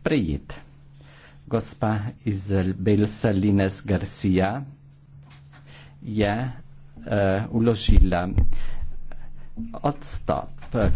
sprejet. Gospa Izabel Salines Garcia je uh, eh, uložila odstop.